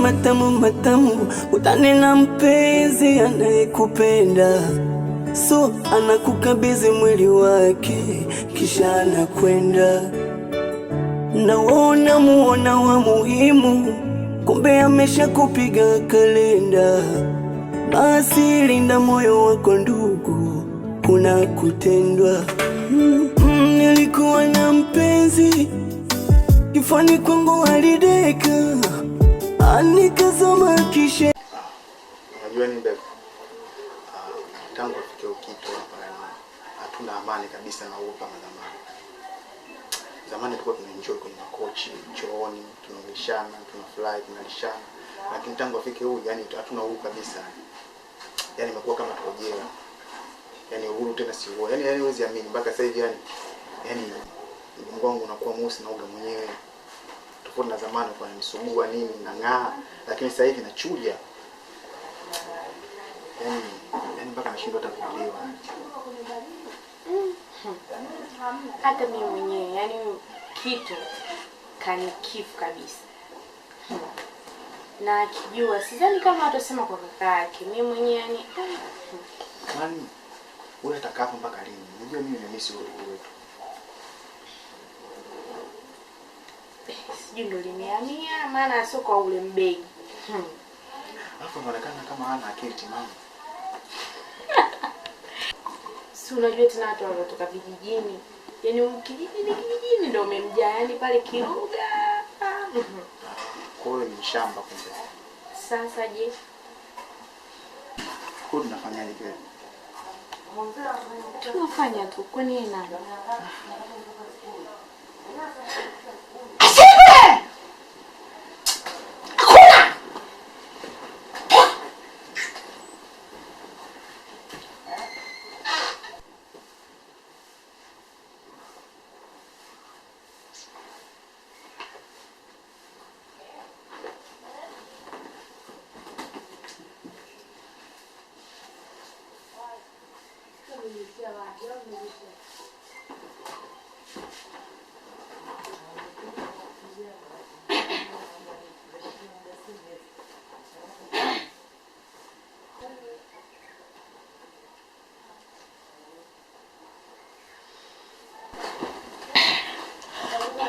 matamu matamu, utane na mpenzi anayekupenda, so anakukabidhi mwili wake, kisha anakwenda na wona muona wa muhimu, kumbe ameshakupiga kalenda. Basi linda moyo wako ndugu, kuna kutendwa. Mm, mm, nilikuwa na mpenzi kifani kwangu alideka anikazama kisha. Ah, afike Ukito hatuna amani kabisa na upa zamani. Zamani tulikuwa tunaenjoy kwenye makochi, chooni, tunaongeleshana, tunafurahi, tunalishana. Lakini tangu afike huyu yani hatuna uhuru kabisa. Yaani imekuwa kama tuko Yaani uhuru tena si uhuru. Yaani yaani huwezi amini mpaka sasa hivi yani yani mgongo unakuwa mweusi na uga mwenyewe tofauti na zamani, kwa nisumbua nini na ng'aa, lakini sasa hivi nachuja, yani yani mpaka nashindwa hata kuliwa. Hata mimi mwenyewe yani kitu kanikifu kabisa na akijua sidhani kama atasema kwa kaka yake. Mimi mwenyewe yani, wewe atakapo mpaka lini? Unajua mimi nimemisi wetu sijui ndo limehamia, maana sio kwa ule mbegi. Hmm. Alafu inaonekana kama hana akili timamu. si unajua tena watu wanatoka vijijini, yaani kijiji ni kijijini ndo umemja yani pale Kiruga. Kwa ni shamba kumbe. Sasa je, huyu tunafanyaje kile? Tunafanya tu, kwani nani?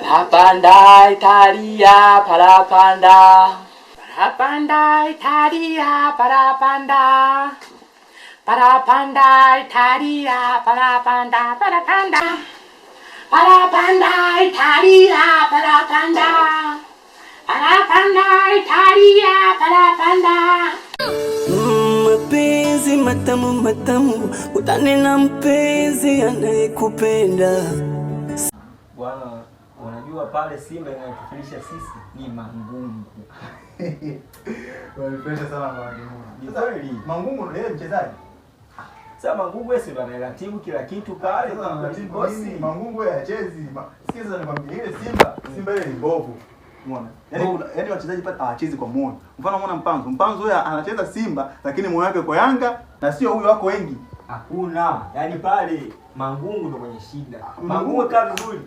Parapanda Italia, parapanda. Parapanda Italia, parapanda. parapanda italia parapanda parapanda parapanda italia parapanda parapanda italia parapanda mapenzi matamu matamu, utane na mpenzi anayekupenda. Bwana, unajua pale Simba inayotufilisha sisi ni Mangungu. Wanapenda sana Mangungu. Mangungu ndiye mchezaji sasa Mangungwe si ratibu kila kitu pale bosi. Mangungwe hachezi. Sikiza nikwambie ile Simba, Simba ile ni mbovu. Umeona? Yaani, yaani wachezaji pale hawachezi kwa moyo. Mfano umeona Mpanzo. Mpanzo yeye anacheza Simba lakini moyo wake kwa Yanga na sio huyo wako wengi. Hakuna. Yaani pale Mangungu ndo kwenye shida. Mangungu kaa vizuri.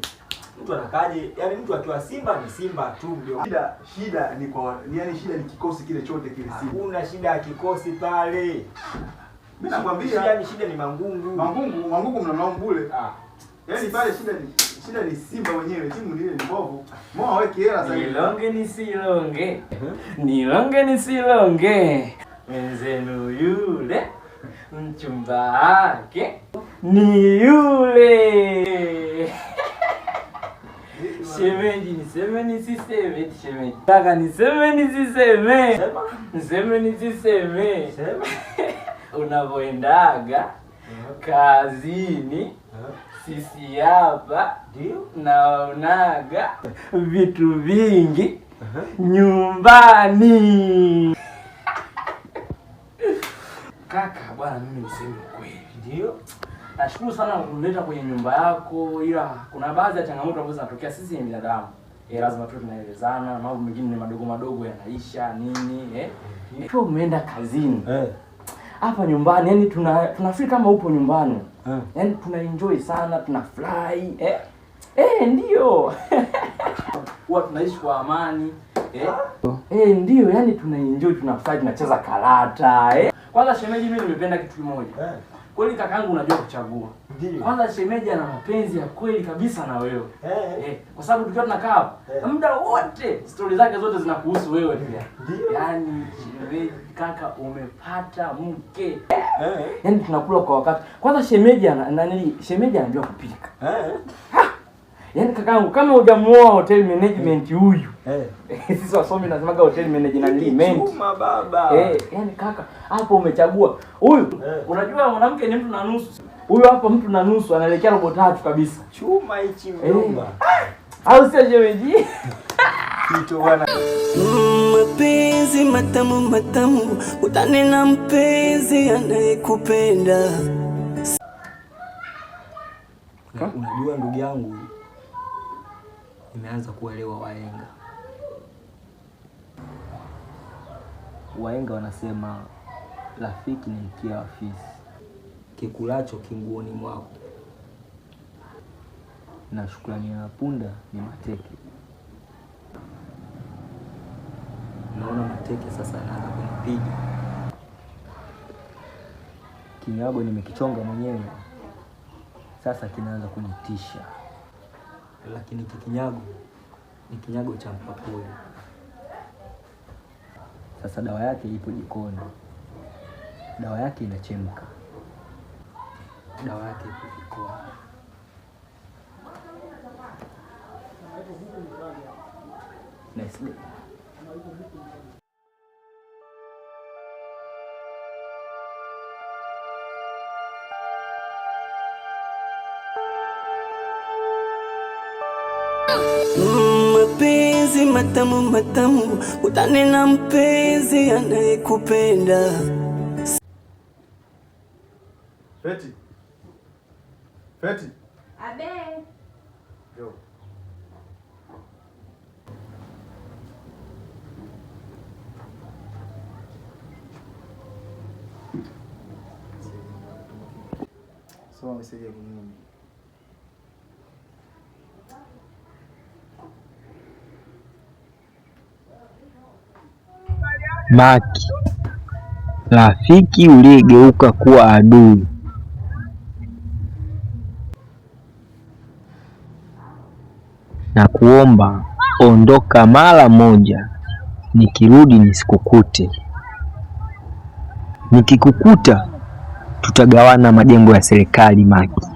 Mtu anakaje? Yaani mtu akiwa Simba ni Simba tu ndio. Shida shida ni kwa yaani shida ni kikosi kile chote kile Simba. Hakuna shida ya kikosi pale. Mimi nakwambia ni shida ni mangungu. Mangungu, mangungu mnamlaumu bure. Ah. Yaani pale shida ni shida ni Simba wenyewe, timu ile mbovu. Mo aweke hela Nilonge nisilonge. Nilonge nisilonge. Mwenzenu yule mchumba wake ni yule. Shemeji niseme nisiseme, shemeji. niseme nisiseme. Sema. Niseme nisiseme. Sema. unavoendaga uh-huh. kazini uh-huh. sisi hapa naonaga vitu vingi uh-huh. nyumbani. Kaka bwana, mimi niseme kweli, ndio nashukuru sana kuleta kwenye nyumba yako, ila kuna baadhi ya changamoto ambazo zinatokea. Sisi ni binadamu e, lazima tu tunaelezana, mambo mengine ni madogo madogo yanaisha nini eh. Mm-hmm. Umeenda kazini eh hapa nyumbani yani tuna tunafeel kama upo nyumbani yeah. Yani tuna enjoy sana, tuna fly eh, eh ndio huwa tunaishi kwa amani eh, ah. eh ndio, yani tuna enjoy, tuna fly, tunacheza karata eh. Kwanza shemeji, mimi nimependa kitu kimoja yeah kweli kakaangu, unajua kuchagua. Kwanza shemeji ana mapenzi ya kweli kabisa na wewe hey. Eh, eh. eh, kwa sababu tukiwa tunakaa mda hey, muda wote stori zake zote zinakuhusu wewe pia yaani shemeji, kaka umepata mke hey. Yaani tunakula kwa wakati. Kwanza shemeji ana nani, shemeji anajua kupika hey. Yaani kakaangu kama hujamuoa hotel management huyu. Eh. Hey. Sisi wasomi nasemaga hotel management. ni Chuma baba. Eh, hey, yaani kaka hapo umechagua. Huyu hey. Eh. Unajua mwanamke ni mtu na nusu. Huyu hapa mtu na nusu anaelekea robo tatu kabisa. Chuma hichi eh. mjomba. Au sio jeweji? Kitu bwana. Mapenzi matamu matamu, na mpenzi anayekupenda. Unajua ndugu yangu nimeanza kuelewa wahenga. Wahenga wanasema rafiki ni mkia wa fisi, kikulacho kinguoni mwako, na shukrani ya punda ni mateke. Naona mateke sasa anaanza kunipiga. Kinyago nimekichonga mwenyewe, sasa kinaanza kunitisha lakini kikinyago ni kinyago cha mpakuli. Sasa dawa yake ipo jikoni, dawa yake inachemka, dawa yake ipo jikoni. Nice day. matamu matamu, utane na mpenzi anayekupenda. Feti. Feti. Abe. Yo. So, Maki, rafiki uliyegeuka kuwa adui. kuomba ondoka mara moja, nikirudi nisikukute. Nikikukuta tutagawana majengo ya serikali Maki.